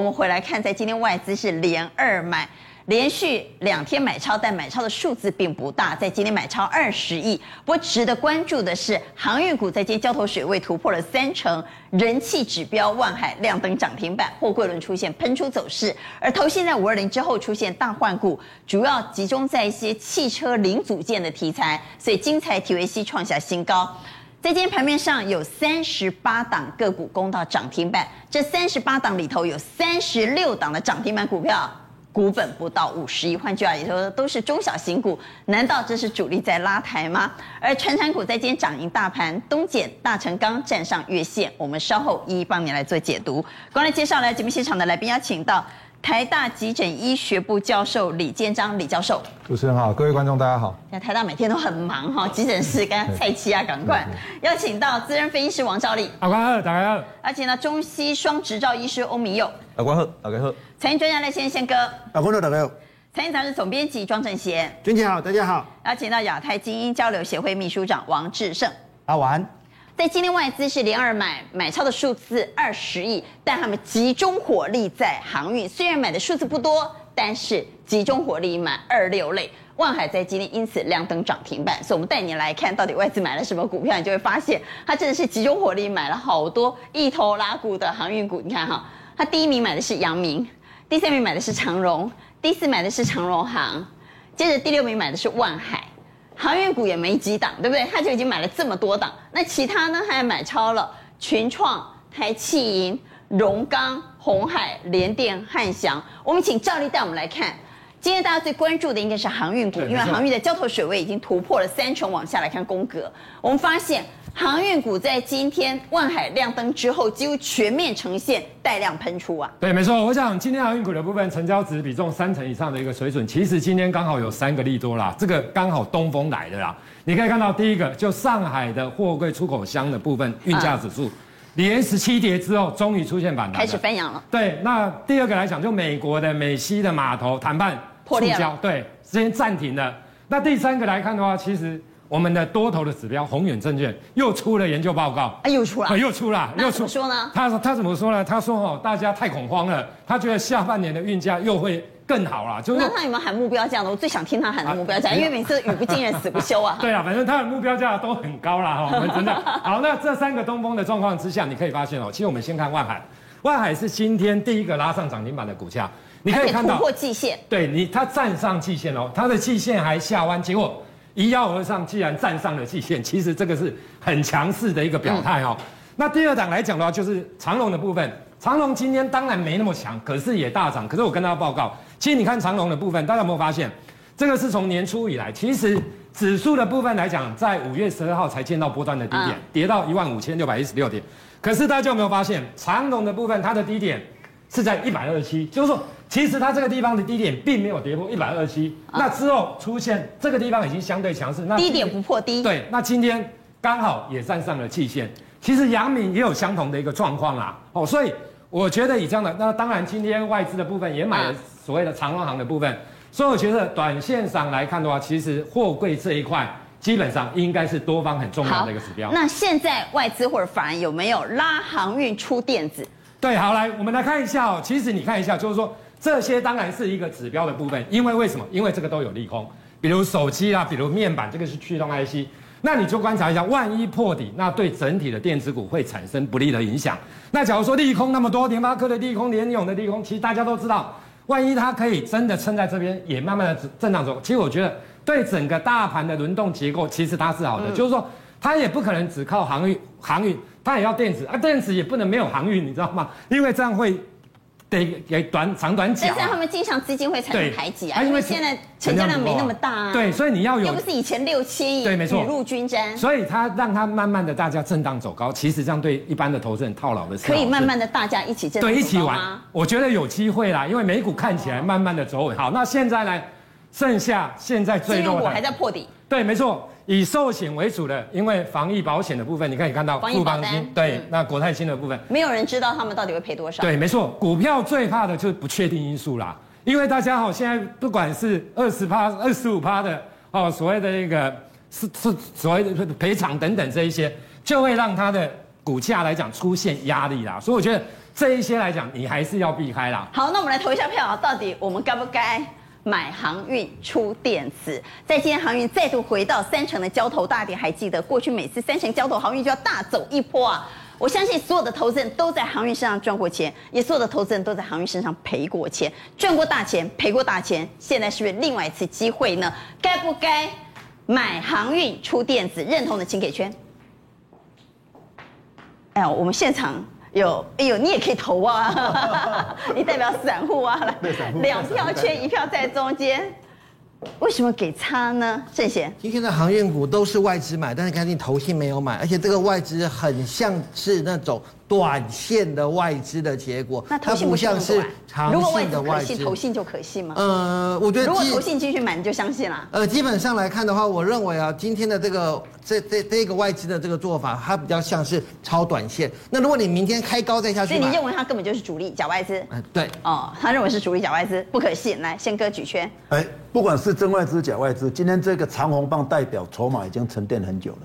我們回來看，在今天外資是連二買，連續兩天買超，但買超的數字並不大，在今天買超二十億。不過值得關注的是，航運股在今天交投水位突破了三成，人氣指標萬海亮燈漲停板，貨櫃輪出現噴出走勢，而投現在五二零之後出現大換股，主要集中在一些汽車零組件的題材，所以精彩 t 維 C 創下新高。在今天盤面上，有三十八檔個股攻到漲停板，這三十八檔裡頭有三十六檔的漲停板股票，股本不到五十億，換句話也說都是中小型股。難道這是主力在拉抬嗎？而傳產股在今天漲贏大盤，東鹼、大成鋼站上月線，我們稍後一一幫你來做解讀。過來介紹來節目現場的來賓，邀請到。台大急診醫學部教授李建章，李教授，主持人好，各位觀眾大家好。現在台大每天都很忙哈，急診室剛剛菜啊，趕快 對。邀請到資深醫師王兆立，阿光好，大家好。邀請到，中西雙執照醫師歐明佑，阿光好，大家好。財經專家賴先先哥，阿光哥大家好。財經雜誌總編輯莊正賢，莊正賢好，大家好。然後請到亞太精英交流協會祕書長王智盛，阿萬。在今天外資是連二買買超的數字二十億，但他們集中火力在航運。雖然買的數字不多，但是集中火力買二六類。萬海在今天因此亮燈漲停板，所以我們帶你來看到底外資買了什麼股票，你就會發現它真的是集中火力買了好多一頭拉股的航運股。你看哈、哦，它第一名買的是陽明，第三名買的是長榮，第四買的是長榮航，接着第六名買的是萬海。航運股也沒幾檔，對不對？他就已經買了這麼多檔。那其他呢？他還買超了群創、台企銀、榮鋼、鴻海、聯電、漢翔。我們請趙力帶我們來看，今天大家最關注的應該是航運股，對因為航運的交投水位已經突破了三重，往下來看宮格，我們發現。航運股在今天萬海亮燈之後，幾乎全面呈現帶量噴出啊。對，沒錯。我想今天航運股的部分成交值比重三成以上的一個水準，其實今天剛好有三個利多啦。這個剛好東風來的啦。你可以看到，第一個就上海的貨櫃出口箱的部分運價指數、啊、連十七跌之後，終於出現反彈，開始翻揚了。對，那第二個來講，就美國的美西的碼頭談判破裂，對，時間暫停了。那第三個來看的話，其實。我們的多頭的指標宏遠證券又出了研究報告，哎又出了，又出了，又出。怎麼說呢？他說他怎麼說呢？他說哦，大家太恐慌了，他覺得下半年的運價又會更好了、啊。就是那他有沒有喊目標價呢？我最想聽他喊目標價，啊、因為每次語不驚人死不休啊。 對啊，反正他的目標價都很高了哈。我們真的好， 那這三個東風的狀況之下，你可以發現哦，其實我們先看萬海，萬海是今天第一個拉上漲停板的股價，你可以看到以突破季線。對你，他站上季線哦，他的季線還下彎，結果。一幺而上，既然站上了季線，其實這個是很強勢的一個表態哦。那第二檔來講的話，就是長榮的部分，長榮今天當然沒那麼強，可是也大漲。可是我跟大家報告，其實你看長榮的部分，大家有沒有發現，這個是從年初以來，其實指數的部分來講，在五月十二號才見到波段的低點，嗯、跌到一萬五千六百一十六點。可是大家有沒有發現，長榮的部分它的低點是在一百二十七，就是說，其實它這個地方的低點並沒有跌破一百二十七，那之後出現這個地方已經相對強勢，那低,低點不破低，對，那今天剛好也站上了季線。其實陽明也有相同的一個狀況啦、啊，哦，所以我覺得以這樣的，那當然今天外資的部分也買了所謂的長榮行的部分，好所以我覺得短線上來看的話，其實貨櫃這一塊基本上應該是多方很重要的一個指標。那現在外資或者法人有沒有拉航運出電子？對，好，來，我們來看一下哦。其實你看一下，就是說這些當然是一個指標的部分，因為為什麼？因為這個都有利空，比如手機啊，比如面板，這個是驅動 IC。那你就觀察一下，萬一破底，那對整體的電子股會產生不利的影響。那假如說利空那麼多，聯發科的利空，聯詠的利空，其實大家都知道，萬一它可以真的撐在這邊，也慢慢的震盪走，其實我覺得對整個大盤的輪動結構，其實它是好的，嗯、就是說它也不可能只靠航運，航運。它也要電子啊，電子也不能沒有航運，你知道嗎？因為這樣會得給短長短腳、啊。而且他們經常資金會產生排擠、啊、對因為現在成交量沒那麼大啊。對，所以你要有。又不是以前六千億，雨露均沾。所以它讓它慢慢的大家震盪走高，其實這樣對一般的投資人套牢的可以慢慢的大家一起震盪走高對一起玩。我覺得有機會啦，因為美股看起來慢慢的走穩好，那現在呢？剩下現在最弱的，我還在破底。對，沒錯，以壽險為主的。因為防疫保險的部分，你可以看到富邦金，對，那國泰金的部分，沒有人知道他們到底會賠多少。對，沒錯，股票最怕的就是不確定因素啦，因為大家好，現在不管是二十趴、二十五趴的哦，所謂的那個是是所謂的賠償等等這一些，就會讓它的股價來講出現壓力啦。所以我覺得這一些來講，你還是要避開啦。好，那我們來投一下票啊，到底我們該不該？買航運出電子，在今天航運再度回到三成的交投大跌，還記得過去每次三成交投航運就要大走一波啊！我相信所有的投資人都在航運身上賺過錢，也所有的投資人都在航運身上賠過錢，賺過大錢賠過大錢，現在是不是另外一次機會呢？該不該買航運出電子？認同的請給圈。哎呀，我們現場。有，哎呦，你也可以投啊！ 你代表散戶啊，來兩票圈，戶一票在中間，為什麼給差呢？鄭賢，今天的航運股都是外資買，但是看你投信沒有買，而且這個外資很像是那種。短線的外資的結果，那，不，那它不像是長線的外資，如果外資可信，投信就可信嗎？呃，我覺得如果投信繼續買，你就相信啦、啊。呃，基本上來看的話，我認為啊，今天的這個這這這一個外資的這個做法，它比較像是超短線。那如果你明天開高再下去，所以你認為它根本就是主力假外資？嗯、呃，對。哦，他認為是主力假外資不可信，來，先割舉圈。哎、欸，不管是真外資假外資，今天這個長紅棒代表籌碼已經沉澱很久了，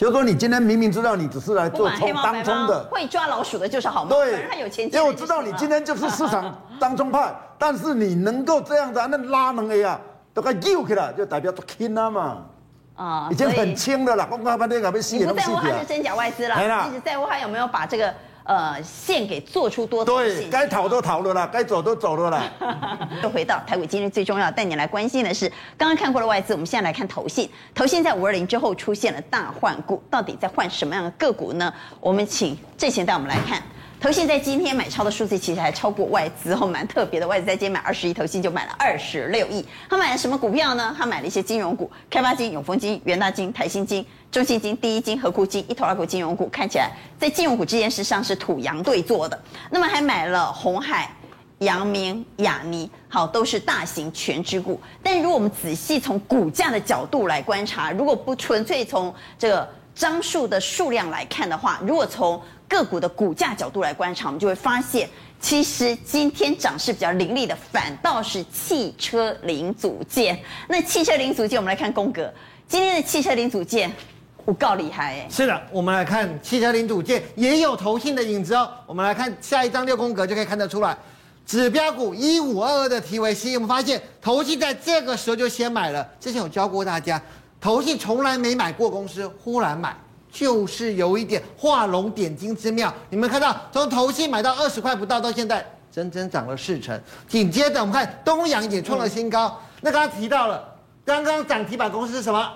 就是說，你今天明明知道你只是來做沖當沖的，會抓老鼠的就是好貓。對，因為我知道你今天就是市場當沖派，但是你能夠這樣子，那拉 A 啊，都快救起了，就代表輕啊嘛。啊，已經很輕的了公剛剛那個被吸引。你不在乎他是真假外資了？一直在乎他有沒有把這個？呃，現給做出多頭，對，該逃都逃了啦，啊、該走都走了啦。都 回到台股今日最重要，帶你來關心的是剛剛看過了外資，我們現在來看投信。投信在五二零之後出現了大換股，到底在換什麼樣的個股呢？我們請鄭賢帶我們來看。投信在今天買超的數字其實還超過外資，哦，蠻特別的。外資在今天買二十億，投信就買了二十六億，他買了什麼股票呢？他買了一些金融股、開發金、永豐金、元大金、台新金。中信金、第一金合庫金一頭二股金融股看起來在金融股這件事上是土洋對做的。那麼還買了鴻海、陽明、亞泥，好，都是大型權值股。但如果我們仔細從股價的角度來觀察，如果不純粹從這個張數的數量來看的話，如果從個股的股價角度來觀察，我們就會發現，其實今天漲勢比較凌厲的，反倒是汽車零組件。那汽車零組件，我們來看宮格今天的汽車零組件。不夠厲害誒、欸、是的，我們來看汽車零組件對也有投信的影子哦。我們來看下一張六宮格就可以看得出來，指標股一五二二的堤維西，我們發現投信在這個時候就先買了。之前有教過大家，投信從來沒買過公司，忽然買就是有一點畫龍點睛之妙。你們看到從投信買到二十塊不到，到現在整整漲了四成。緊接着我們看東陽也創了新高。嗯、那剛剛提到了，剛剛漲停板公司是什麼？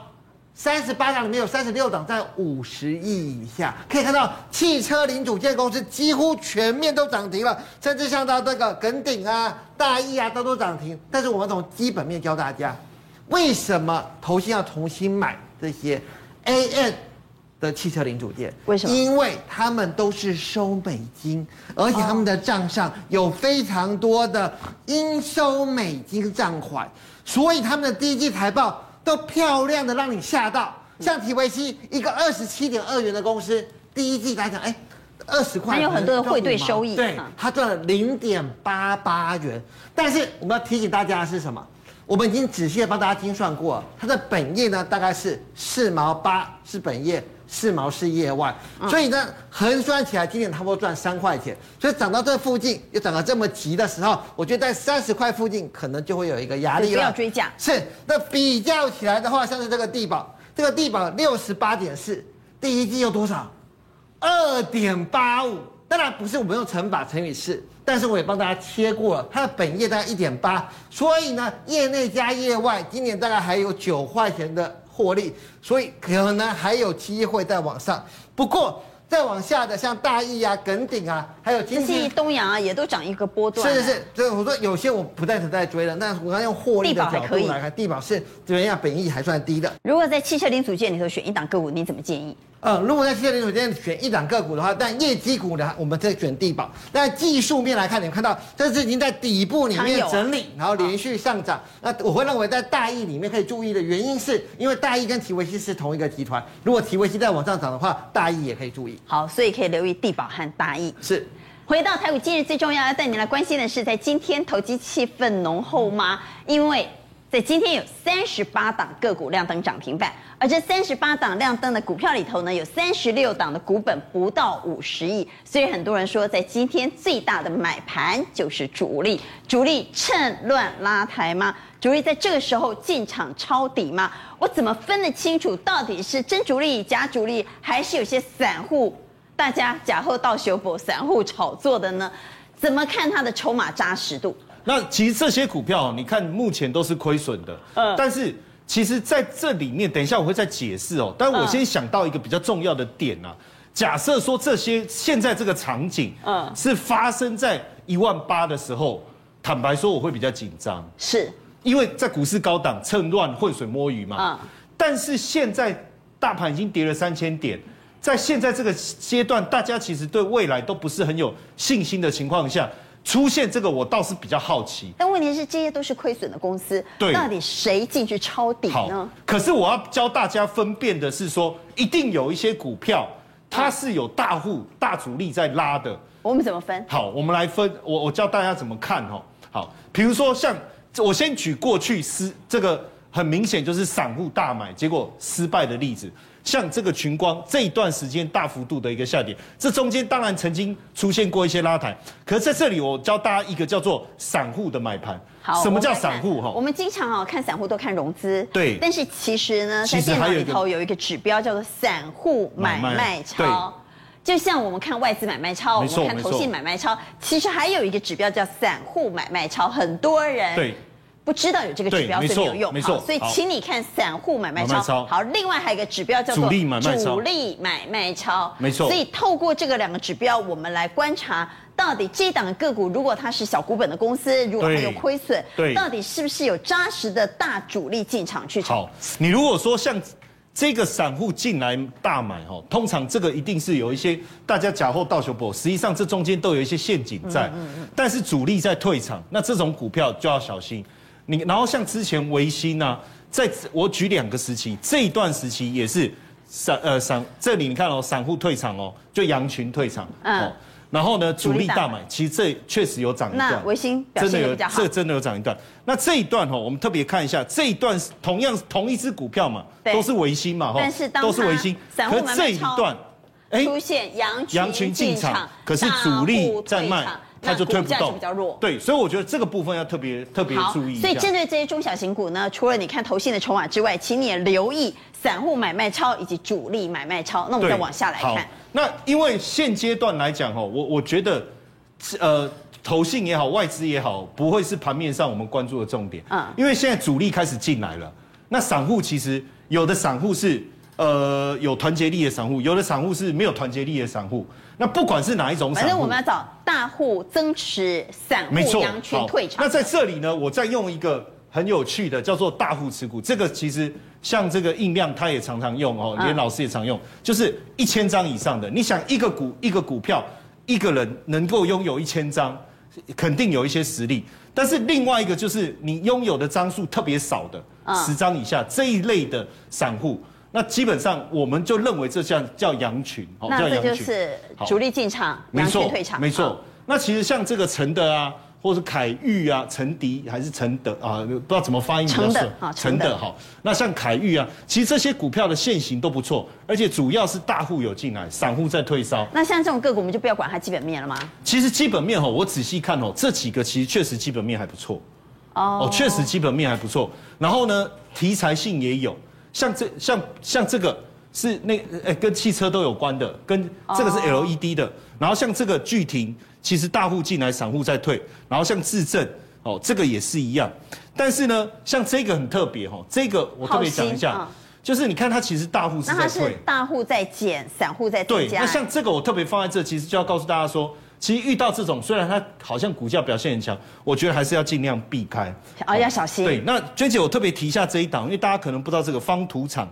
三十八檔裡面有三十六檔在五十億以下，可以看到汽車零組件公司幾乎全面都漲停了，甚至像到這個耿鼎啊、大億啊，都都漲停。但是我們從基本面教大家，為什麼投信要重新買這些 A N 的汽車零組件？為什麼？因為他們都是收美金，而且他們的賬上有非常多的應收美金賬款，所以他們的第一季財報。都漂亮的讓你嚇到，像提維西，一個二十七點二元的公司，第一季來講，哎，二十塊，還有很多的匯兌收益，對，它賺了零點八八元。但是我們要提醒大家的是什麼？我們已經仔細的幫大家精算過，它的本業呢，大概是四毛八是本業。四毛是業外，嗯、所以呢，橫算起來今年差不多賺三塊錢，所以漲到這附近又漲得這麼急的時候，我覺得在三十塊附近可能就會有一個壓力了。不要追漲。是，那比較起來的話，像是這個地保，這個地保六十八點四，第一季有多少？二點八五。當然不是，我們用乘法乘以四，但是我也幫大家切過了，它的本業大概一點八，所以呢，業內加業外，今年大概還有九塊錢的。獲利，所以可能還有機會再往上。不過，再往下的像大億啊、耿鼎啊，還有堤維西、東陽啊，也都漲一個波段、啊。是是是，所以我說有些我不再只在追了。那我要用獲利的角度來看，帝寶，帝寶是怎麼樣，本益還算低的。如果在汽車零組件裡頭選一檔個股，你怎麼建議？嗯、呃，如果在汽車零組件選一檔個股的話，但業績股的我們再選帝寶。但技術面來看，你們看到這是已經在底部裡面整理，有然後連續上漲。啊、那我會認為在大億裡面可以注意的原因是，是因為大億跟堤維西是同一個集團。如果堤維西在往上漲的話，大億也可以注意。好，所以可以留意帝寶和大億。是，回到台股，今日最重要要帶您來關心的是，在今天投機氣氛濃厚嗎？因為。在今天有三十八檔個股亮燈漲停板，而這三十八檔亮燈的股票裡頭呢，有三十六檔的股本不到五十億，所以很多人說，在今天最大的買盤就是主力，主力趁亂拉抬嗎？主力在這個時候進場抄底嗎？我怎麼分得清楚到底是真主力、假主力，還是有些散戶？大家假貨到手否？散戶炒作的呢？怎麼看他的籌碼扎實度？那其實這些股票，你看目前都是虧損的。嗯、呃，但是其實在這裡面，等一下我會再解釋哦。但我先想到一個比較重要的點啊，呃、假設說這些現在這個場景，嗯，是發生在一萬八的時候，呃、坦白說我會比較緊張。是，因為在股市高檔趁亂混水摸魚嘛。呃、但是現在大盤已經跌了三千點，在現在這個階段，大家其實對未來都不是很有信心的情況下。出現這個，我倒是比較好奇。但問題是，這些都是虧損的公司，對，到底誰進去抄底呢？可是我要教大家分辨的是說，說一定有一些股票，它是有大戶、對大主力在拉的。我們怎麼分？好，我們來分。我我教大家怎麼看哈、哦。好，比如說像我先舉過去失這個很明顯就是散戶大買結果失敗的例子。像這個群光這一段時間大幅度的一個下跌，這中間當然曾經出現過一些拉抬，可是在這裡我教大家一個叫做散戶的買盤。好，什麼叫散戶哈？我們，哦、我們經常啊看散戶都看融資。對。但是其實呢，實呢在電腦裡頭有一個指標叫做散戶買賣超。對就像我們看外資買賣超，錯我們看投信買賣超，錯其實還有一個指標叫散戶買賣超，很多人。對。不知道有這個指標是對沒有用沒錯，所以請你看散戶買賣超，好，買賣超好。另外還有一個指標叫做主力買賣超，沒錯錯。所以透過這個兩個指標，我們來觀察到底這一檔個股，如果它是小股本的公司，如果它有虧損，對對到底是不是有扎實的大主力進場去炒？你如果說像這個散戶進來大買哈，通常這個一定是有一些大家假貨倒手不？實際上這中間都有一些陷阱在，嗯嗯嗯但是主力在退場，那這種股票就要小心。你然後像之前微星呢，在我舉兩個時期，這一段時期也是，散呃散這裡你看哦，散戶退場哦，就羊群退場，嗯哦、然後呢主力大買，大買其實這確實有漲一段，微星真的有這真的有漲一段。那這一段哈、哦，我們特別看一下這一段，同樣同一隻股票嘛，都是微星嘛，但都是微星，散戶這一段，出現羊群進場，進場可是主力在賣。它就，就推不動，對，所以我覺得這個部分要特別特別注意。所以針對這些中小型股呢，除了你看投信的籌碼之外，請你也留意散戶買賣超以及主力買賣超。那我們再往下來看。那因為現階段來講，我我覺得，呃，投信也好，外資也好，不會是盤面上我們關注的重點。嗯，因為現在主力開始進來了，那散戶其實有的散戶是。呃，有團結力的散戶，有的散戶是沒有團結力的散戶。那不管是哪一種散戶，反正我們要找大戶增持散戶，羊群退場。那在這裡呢，我再用一個很有趣的叫做“大戶持股”，這個其實像這個印量他也常常用哦，連老師也常用，就是一千張以上的。你想一個股一個股票，一個人能夠擁有一千張，肯定有一些實力。但是另外一個就是你擁有的張數特別少的，十張以下這一類的散戶。那基本上我們就認為這像叫羊群，叫羊群。那就是主力進場，好羊群退場。沒錯。沒錯哦、那其實像這個陳德啊，或者是凱玉啊，陳迪還是陳德啊，不知道怎麼發音。陳德啊、哦，成德好，那像凱玉啊，其實這些股票的線型都不錯，而且主要是大戶有進來，散戶在退燒。那像這種個股，我們就不要管它基本面了嗎？其實基本面哦，我仔細看哦，這幾個其實確實基本面還不錯。哦。哦，確實基本面還不錯。然後呢，題材性也有。像這像像這個是那誒、欸、跟汽車都有關的，跟這個是 LED 的，oh. 然後像這個巨庭，其實大戶進來，散戶在退，然後像智正，哦、喔、這個也是一樣，但是呢，像這個很特別哈、喔，這個我特別講一下，新就是你看它其實大戶是在退，那它是大戶在減，散戶在加。對，那像這個我特別放在這，其實就要告訴大家說。其實遇到這種，雖然它好像股價表現很強，我覺得還是要盡量避開，哦，要小心。對，那娟姐，我特別提一下這一檔，因為大家可能不知道這個方土場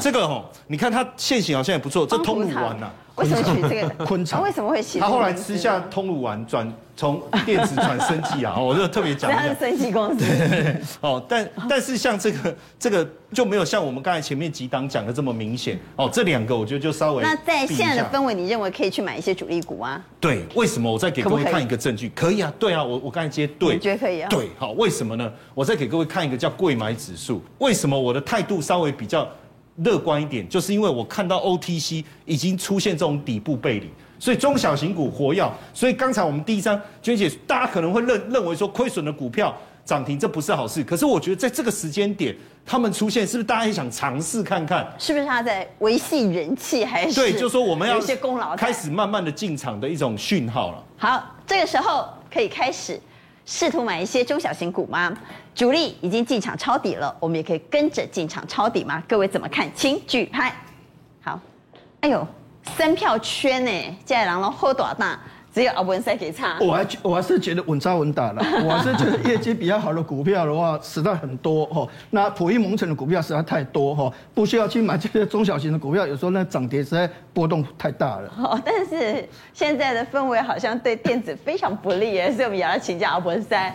這個吼、哦，你看它線型好像也不錯，這通路完啦。為什麼取這個昆蟲草它、啊、為什麼會起？他後來吃下通乳丸轉，轉從電子轉生技啊！ 我就特別講。它是生技公司。對哦，但但是像這個這個就沒有像我們剛才前面幾檔講的這麼明顯哦。這兩個我覺得就稍微那在現在的氛圍，你認為可以去買一些主力股啊對，為什麼？我再給各位看一個證據，可以啊，對啊，我我剛才接對，你覺得可以啊？對，好、哦，為什麼呢？我再給各位看一個叫櫃買指數，為什麼我的態度稍微比較？樂觀一點，就是因為我看到 OTC 已經出現這種底部背離，所以中小型股活躍。所以剛才我們第一張娟姐，大家可能會認認為說虧損的股票漲停，這不是好事。可是我覺得在這個時間點，他們出現，是不是大家也想嘗試看看，是不是他在維繫人氣，還是對，就說我們要有些功勞，開始慢慢的進場的一種訊號了。好，這個時候可以開始。試圖買一些中小型股嗎？主力已經進場抄底了，我們也可以跟着進場抄底嗎？各位怎麼看？請舉牌。好，哎呦，三票圈呢，這人攏好大膽只有阿文三給差，我還我還是覺得穩紮穩打了，我還是覺得業績比較好的股票的話實在很多吼，那普遍蒙塵的股票實在太多吼，不需要去買這個中小型的股票，有時候那漲跌實在波動太大了。哦，但是現在的氛圍好像對電子非常不利哎，所以我們也要請教阿文三。